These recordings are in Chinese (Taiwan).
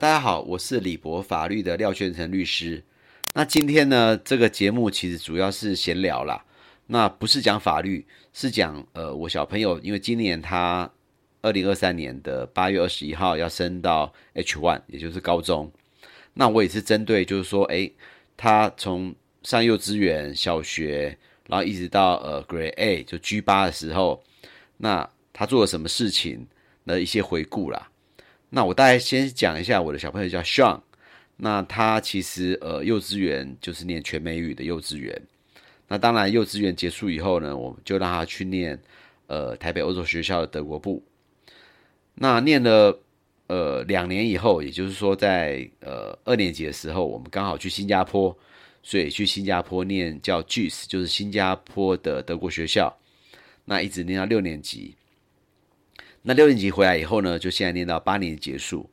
大家好，我是理柏法律的廖軒成律師。那今天呢，這個節目其實主要是閒聊啦，那不是講法律，是講呃，我小朋友，因為今年他二零二三年的八月二十一號要升到 H one，也就是高中。那我也是針對，就是說，誒、欸，他從上幼稚園、小學，然後一直到呃 Grade A，就 G 八的時候，那他做了什麼事情的一些回顧啦。那我大概先講一下我的小朋友叫 Shawn 那他其實呃幼稚園就是念全美語的幼稚園，那當然幼稚園結束以後呢，我們就讓他去念呃台北歐洲學校的德國部，那念了呃兩年以後，也就是說在呃二年級的時候，我們剛好去新加坡，所以去新加坡念叫 GIS，就是新加坡的德國學校，那一直念到六年級。那六年級回來以後呢，就現在念到八年結束。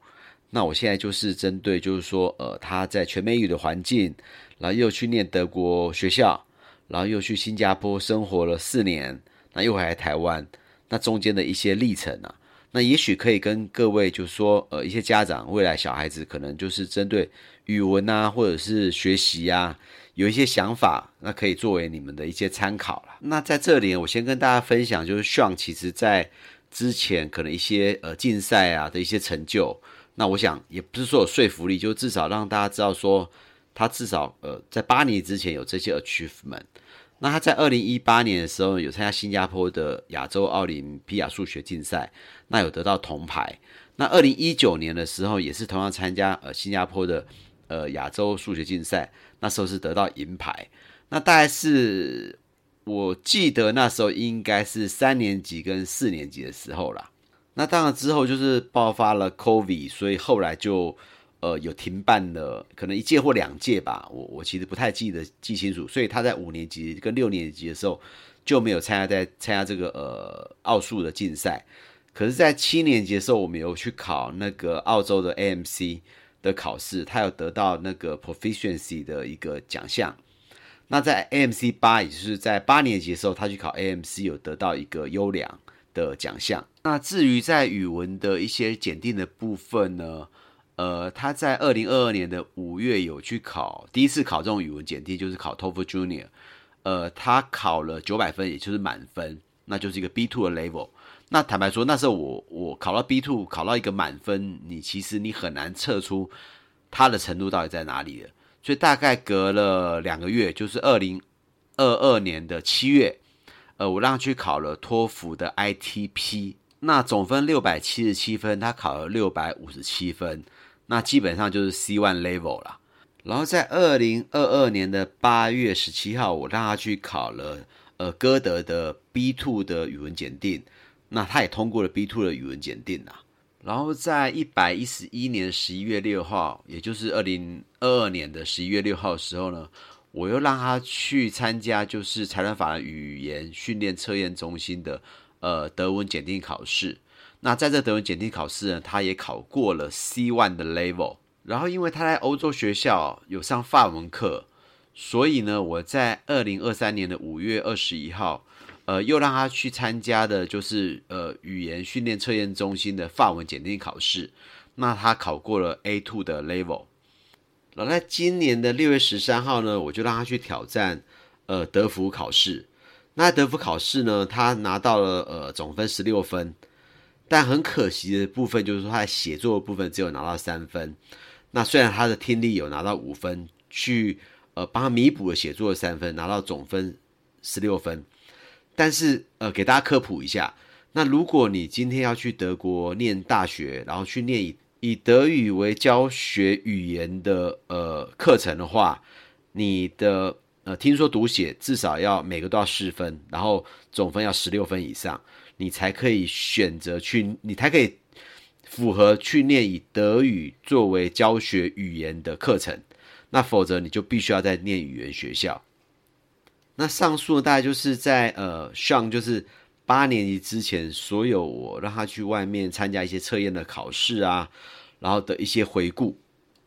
那我現在就是針對，就是說，呃，他在全美語的環境，然後又去念德國學校，然後又去新加坡生活了四年，那又回來台灣。那中間的一些歷程啊，那也許可以跟各位，就是說，呃，一些家長未來小孩子可能就是針對語文啊，或者是學習呀、啊，有一些想法，那可以作為你們的一些參考了。那在這裡，我先跟大家分享，就是 Shawn 其實，在之前可能一些呃競賽啊的一些成就，那我想也不是說有說服力，就至少讓大家知道說他至少呃在八年之前有這些 achievement。那他在二零一八年的時候有參加新加坡的亞洲奧林匹亞數學競賽，那有得到銅牌。那二零一九年的時候也是同樣參加呃新加坡的呃亞洲數學競賽，那時候是得到銀牌。那大概是。我記得那時候應該是三年級跟四年級的時候啦，那當然之後就是爆發了 COVID，所以後來就，呃，有停辦了，可能一屆或兩屆吧，我我其實不太記得記清楚，所以他在五年級跟六年級的時候就沒有參加在參加這個呃奧數的競賽，可是，在七年級的時候，我們有去考那個澳洲的 AMC 的考試，他有得到那個 proficiency 的一個獎項。那在 AMC 八，也就是在八年級的時候，他去考 AMC，有得到一個優良的獎項。那至於在語文的一些檢定的部分呢，呃，他在二零二二年的五月有去考，第一次考這種語文檢定就是考 TOEFL Junior，呃，他考了九百分，也就是滿分，那就是一個 B two 的 level。那坦白說，那時候我我考到 B two，考到一個滿分，你其實你很難測出他的程度到底在哪裡的。所以大概隔了兩個月，就是二零二二年的七月，呃，我讓他去考了托福的 ITP，那總分六百七十七分，他考了六百五十七分，那基本上就是 C one level 了。然後在二零二二年的八月十七號，我讓他去考了呃歌德的 B two 的語文檢定，那他也通過了 B two 的語文檢定吶。然後在一百一十一年十一月六號，也就是二零二二年的十一月六號的時候呢，我又讓他去參加，就是財團法人語言訓練測驗中心的呃德文檢定考試。那在這德文檢定考試呢，他也考過了 C one 的 level。然後因為他在歐洲學校、哦、有上法文課，所以呢，我在二零二三年的五月二十一號，呃，又讓他去參加的，就是呃語言訓練測驗中心的法文檢定考試，那他考過了 A two 的 level。然後在今年的六月十三號呢，我就讓他去挑戰呃德福考試。那德福考試呢，他拿到了呃總分十六分，但很可惜的部分就是說，他寫作的部分只有拿到三分。那雖然他的聽力有拿到五分，去呃幫他彌補了寫作的三分，拿到總分十六分。但是，呃，給大家科普一下，那如果你今天要去德國念大學，然後去念以以德語為教學語言的呃課程的話，你的呃聽說讀寫至少要每個都要四分，然後總分要十六分以上，你才可以選擇去，你才可以符合去念以德語作為教學語言的課程，那否則你就必須要再念語言學校。那上述的大概就是在呃 Shawn 就是八年級之前，所有我讓他去外面參加一些測驗的考試啊，然後的一些回顧。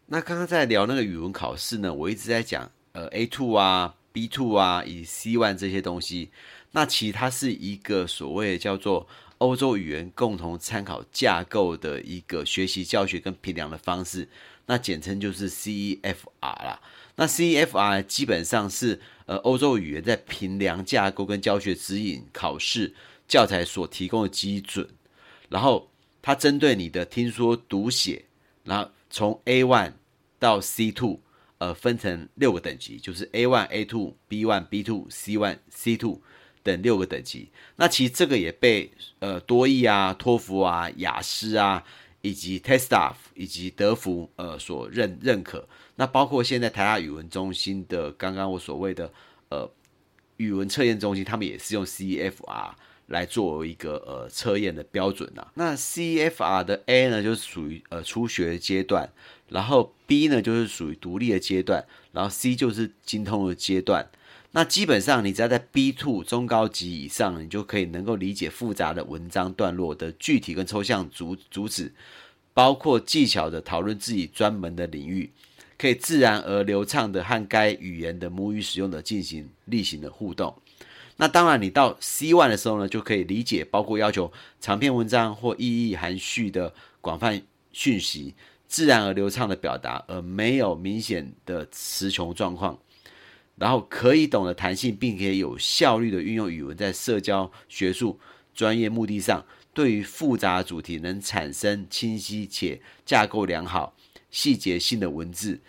那剛剛在聊那個語文考試呢，我一直在講呃 A two 啊、B two 啊以及 C one 這些東西。那其實它是一個所謂叫做歐洲語言共同參考架構的一個學習教學跟評量的方式，那簡稱就是 CEFR 啦。那 CEFR 基本上是。呃，歐洲語言在評量架構跟教學指引、考試教材所提供的基準，然後它針對你的聽說讀寫，然後從 A one 到 C two，呃，分成六個等級，就是 A one、A two、B one、B two、C one、C two 等六個等級。那其實這個也被呃多益啊、托福啊、雅思啊。以及 TestDaF，以及德福，呃，所認認可，那包括現在台大語文中心的，剛剛我所謂的，呃，語文測驗中心，他們也是用 CEFR。來做一個呃測驗的標準吶，啊，那 CFR 的 A 呢就是屬於呃初學階段，然後 B 呢就是屬於獨立的階段，然後 C 就是精通的階段。那基本上，你只要在 B two 中高級以上，你就可以能夠理解複雜的文章段落的具體跟抽象主主旨，包括技巧的討論自己專門的領域，可以自然而流暢的和該語言的母語使用者進行例行的互動。那當然，你到 C1 的時候呢，就可以理解包括要求長篇文章或意義含蓄的廣泛訊息，自然而流暢的表達，而沒有明顯的詞窮狀況。然後可以懂得彈性，並且有效率的運用語文，在社交、學術、專業目的上，對於複雜主題能產生清晰且架構良好、細節性的文字，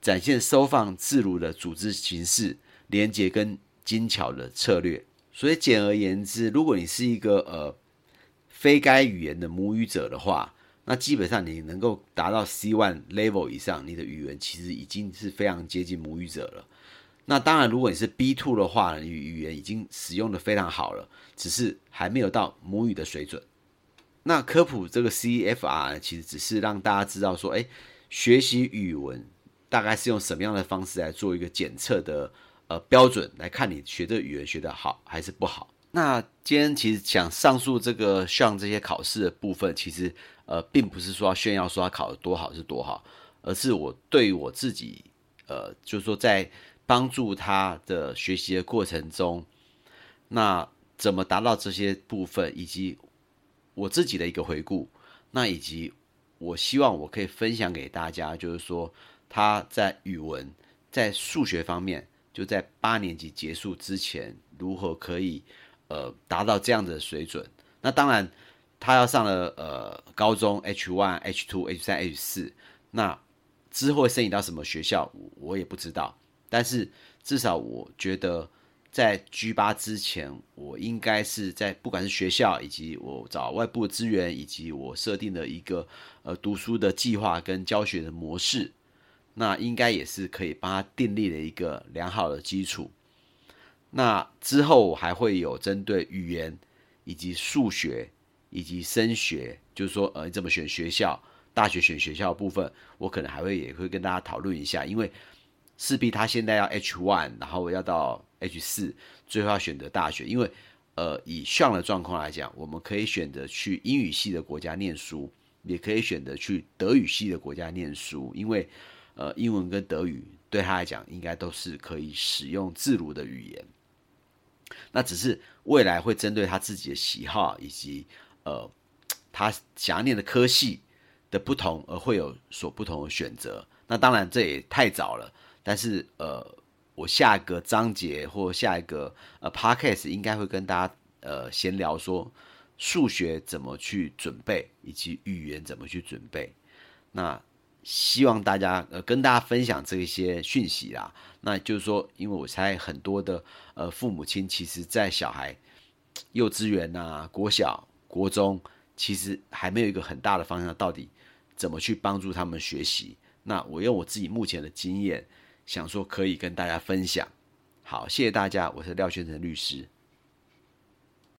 展現收放自如的組織形式、連接跟。精巧的策略，所以簡而言之，如果你是一個呃非該語言的母語者的話，那基本上你能夠達到 C one level 以上，你的語言其實已經是非常接近母語者了。那當然，如果你是 B two 的話呢，你語言已經使用的非常好了，只是還沒有到母語的水準。那科普這個 C F R 其實只是讓大家知道說，哎、欸，學習語文大概是用什麼樣的方式來做一個檢測的。呃，標準來看，你學這語言學得好還是不好？那今天其實講上述這個像這些考試的部分，其實呃，並不是說炫耀說他考得多好是多好，而是我對於我自己呃，就是說在幫助他的學習的過程中，那怎麼達到這些部分，以及我自己的一個回顧，那以及我希望我可以分享給大家，就是說他在語文在數學方面，就在八年級結束之前，如何可以，呃，達到這樣的水準？那當然，他要上了呃高中 H one、H two、H 三、H 四，那之後會申請到什麼學校，我也不知道。但是至少我覺得，在 G 八之前，我應該是在不管是學校以及我找外部資源，以及我設定的一個呃讀書的計劃跟教學的模式。那應該也是可以幫他奠定了一個良好的基礎。那之後我還會有針對語言以及數學以及升學，就是說呃你怎麼選學校、大學選學校的部分，我可能還會也會跟大家討論一下，因為勢必他現在要 H one，然後要到 H 四，最後要選擇大學。因為呃以上的狀況來講，我們可以選擇去英語系的國家念書，也可以選擇去德語系的國家念書，因為。呃，英文跟德語對他來講，應該都是可以使用自如的語言。那只是未來會針對他自己的喜好以及呃，他想要念的科系的不同而會有所不同的選擇。那當然這也太早了，但是呃，我下一個章節或下一個呃 podcast 應該會跟大家呃閒聊說數學怎麼去準備以及語言怎麼去準備。那。希望大家呃跟大家分享這一些訊息啦，那就是說，因為我猜很多的呃父母親，其實，在小孩幼稚園呐、啊、國小、國中，其實還沒有一個很大的方向，到底怎麼去幫助他們學習。那我用我自己目前的經驗，想說可以跟大家分享。好，謝謝大家，我是廖軒成律師。